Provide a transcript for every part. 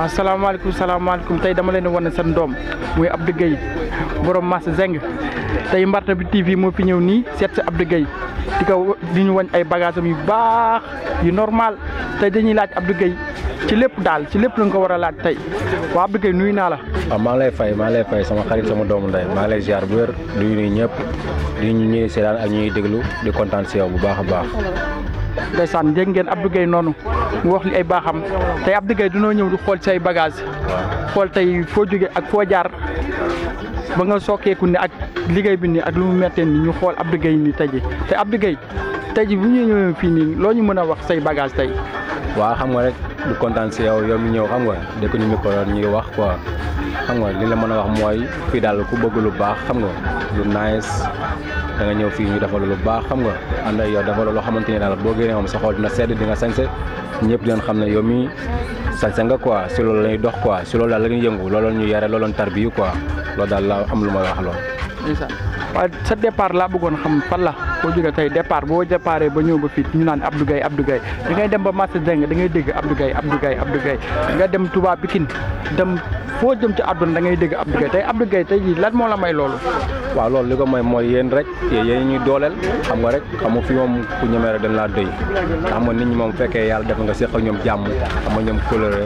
waaw salaamaaleykum tey dama leen di wane seen doom muy Abdou Guèye borom Mass Zeng tey Mbarta bi TV moo fi ñëw nii seet si Abdou Guèye di ko ñu wañ ay bagages am yu baax yu normal tey dañuy laaj Abdou Guèye ci lépp daal ci lépp lañ ko war a laaj tey waa Abdou Guèye nuyu naa la. am ah, maa ngi lay fay maa lay fay sama xarit sama doomu ndey maa lay ziar bu wér di nuyu ñëpp di ñu ñuy seetaan ak ñuy déglu di kontaan si bu baax a baax. ndeysaan dégg ngeen Abdou noonu. mu wax li ay baaxam tey Abdou Gueye noo ñëw di xool say bagage xool tey foo jóge ak foo jaar ba nga sokkeeku ne ak liggéey bi nii ak lu mu mettee ni ñu xool Abdou Gueye nii tey ji te Abdou Gueye tey ji bu ñu ñëwee fii nii loo ñu mën a wax say bagage tey waaw xam nga rek du kontaan si yow yow mi ñëw xam nga dëkk ñu micro ñuy wax quoi xam nga li la mën a wax mooy fii daal ku bëgg lu baax xam nga lu nice da nga ñew fi ñu defal lu baax xam nga ànd ak yow defal lu xamanteni dal bo boo mom sa xol dina sédd di nga sañse ñëpp dinañ xam ne yow mi sañse nga quoi si loolu lay dox quoi si loolu daal la ñuy yëngu loolu ñu yaré loolu tarbiyu quoi lo dal la am lu ma wax lool ndeysaan waaye sa départ la bëggoon xam fan la boo jógee tay départ bo déparé ba ñëw ba fi ñu naan Abdou gay Abdou gay da ngay dem ba marché deng da ngay dégg Abdou gay Abdou gay Abdou gay nga dem Touba Pikine dem fo jëm ci àdduna da ngay dégg Abdou gay tay Abdou gay tay lan mo la may loolu waaw loolu li ko may mooy yéen rek yéen ñuy dooleel xam nga rek xam nga fi moom ku ñemee rek dañ laa doy xam nga nit ñi moom fekkee yàlla def nga seq ñoom jàmm xam nga ñoom coloré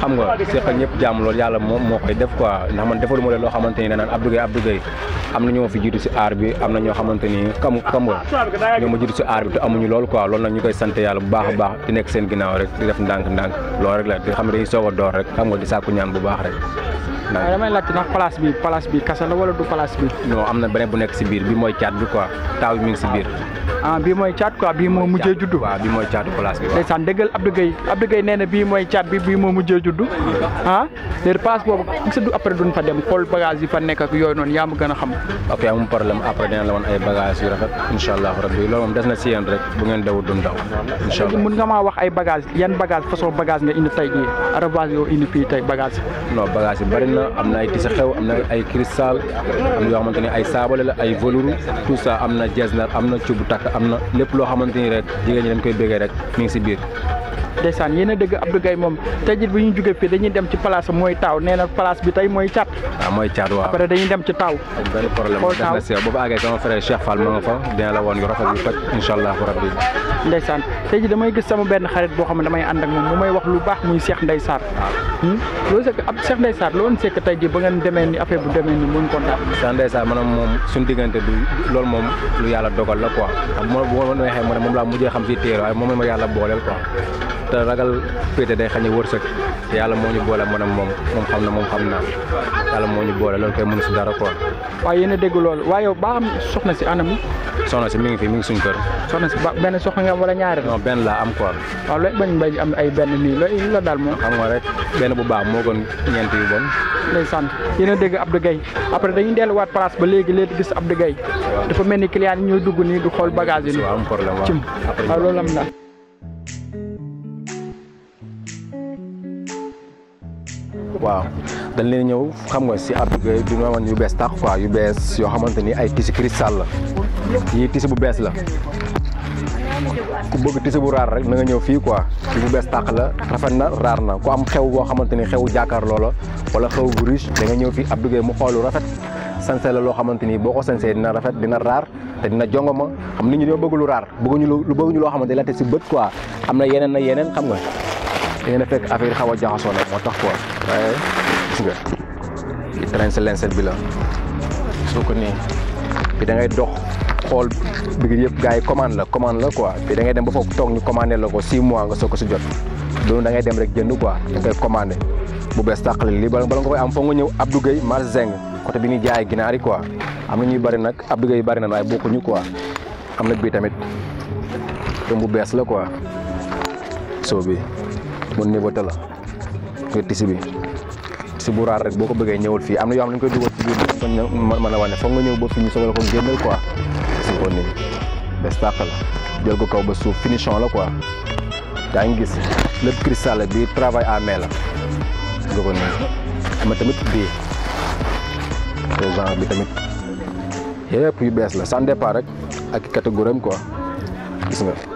xam nga seq ñëpp jàmm loolu yàlla moom moo koy def quoi ndax man defalu ma loo xamante ni danaan Abdou Gueye Abdou Gueye si aar bi am na ñoo xamante ni xam xam nga ñoo ma jiitu si aar bi te amuñu loolu quoi loolu nag ñu koy sant yàlla bu baax baax di nekk seen ginnaaw rek di def ndànk-ndànk loolu rek la di xam ne dañuy soog a door rek xam nga di sàkku ñaan bu baax rek naa damay laajte ndax place bi place bi kasa la wala du place bi. non am na beneen bu nekk si biir bi mooy caat bi quoi taaw bi mi ngi si biir. ah bii mooy caat quoi bii mo mujjee juddu waaw bii mooy caatu place bi ndeysaan déggal Abdou Gueye Abdou Gueye nee na bii mooy caat bi bii moo mujjee juddu hmm. ah léegi passe boobu gis du après duñ fa dem xool bagage yi fa nekk ak yooyu noonu yaa ma gën a xam ok amul problème après dina la woon ay bagage yu rafet incha allah rabbi loolu moom des na si yéen rek bu ngeen dawul duñ daw incha allah nga maa wax ay bagage yan bagage façon bagage nga indi tey jii ravage yoo indi fii tey bagage non bagage yi bëri na am na ay tisa xew am na ay cristal am yoo xamante ne ay saabale la ay velours tout ça am na jesner am na cubu tak am na lépp loo xamante ni rek jigéen ñi koy béggee rek mi ngi si biir desan yene deug Abdou gay mom tey jii bu ñu jógee fii dañuy dem ci place moy taw nee place bi tay moy chat ah moy chat waaw après dañuy dem ci taw benn problème dem na si yow boobu àggee sama frère Cheikh Fall mo fa dina la won yu rafet yu fat inshallah rabbi ndaysan tey damay gis sama benn xarit bo xam damay and ak mom mu may wax lu baax muy Cheikh Ndeye hmm lo sekk ab Cheikh Ndeye Sarr loolu sekk tey jii ba ngeen demee ni affaire bu demee ni muñ kontaan Cheikh Ndeye Sarr maanaam moom suñ diggante du loolu mom lu yalla dogal la quoi mo bu ma waxee ma ne moom laa mujjee xam fi téere waaye moom ma yalla booleel quoi te ragal pété day xañe wërsëg yalla moñu bolé manam mom mom a mom xamna yalla moñu bolé lool kay mënu su dara ko waaye yéen dégg lool waaye yow soxna si anam soxna si mi ngi fi mi ngi suñu kër soxna si ben soxna nga wala ñaar non Ben la am ko waaw lay bañ bañ am ay ben ni looy la dal mo xam nga rek ben bu baax mo gën ñent yu bon lay sant a dégg Abdou gay après dañuy delluwaat place ba légui léegi gis Abdou gay dafa melni client yi dugg ni du xol bagage ni waaw am problème waaw loolu am na waaw dañ leen ñëw xam nga si Afrique bi ma wan yu bees tàq quoi yu bees yoo xamante ni ay tissu cristal la yii tissu bu bees la ku bëgg tissu bu raar rek na nga ñëw fii quoi kii bu bees tàq la rafet na raar na ku am xew boo xamante ni xewu jàkkaarloo la wala xew bu riche da nga ñëw fii Abdou Gueye mu xoolu rafet sansé la loo xamante ni boo ko sansee dina rafet dina raar te dina jongoma xam nit ñi dañoo bëgg lu raar bëgguñu lu bëgguñu loo xamante ni la te si bët quoi am na yeneen na yeneen xam nga ngeen a fekk affaire xaw a jaxasoo nag moo tax quoi eh? waaye gis nga li train lenset bi la soo ko nii bi da ngay dox xool bi yëpp gars yi commande la commande la quoi bi da ngay dem ba foog toog ñu commandé la ko six mois nga soo ko si jot loolu da ngay dem rek jënd quoi da koy commandé bu bees tàqali li bala nga koy am foog nga ñëw Abdou Gueye Mar Zeng côté bi ni jaay ginaar quoi am ñuy bëri nag Abdou Gueye bëri na waaye bokkuñu quoi am tamit bu la quoi bi mu néewata la nga tisi si buraar rek boo ko ñëwul fii am na yoo xam koy dugal ci biir fa mën mën a wane foog nga ñëw ba fi ñu sogal ko génnal quoi si ko nii bes tàq la jël ko kaw ba suuf finition la quoi yaa ngi gis cristal bi travail à nga ko tamit genre bi tamit yu la sans départ rek ak catégorie quoi gis nga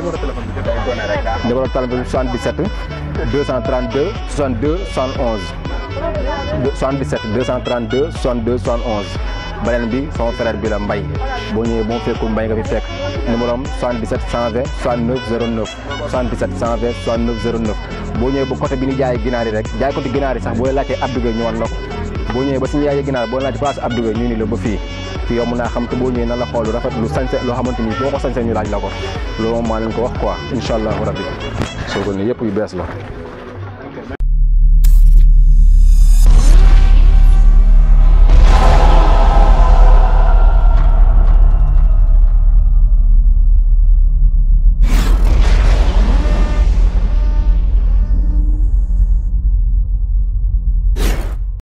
numéro téléphone bi nga numéro téléphone bi 77 232 62 71 77 232 62 71 beneen bi sama frère bi la Mbaye boo ñëwee boo fekkul Mbaye nga fi fekk numéro am 77 120 69 09 77 120 69 09 boo ñëwee ba côté bi ñu jaay ginaar yi rek jaay côté ginaar yi sax boo laajtee Abdou Gueye ñëwaat ko boo ñëwee ba suñu yaayee ginaar boo laajtee place Abdou Gueye ñu la ba fii ci naa xam te boo ñëwee na la xool lu rafet lu sañse loo xamante ni boo ko sañse ñu laaj la ko loolu moom maa leen ko wax quoi incha allahu rabbi soo ko ne yëpp yu bees la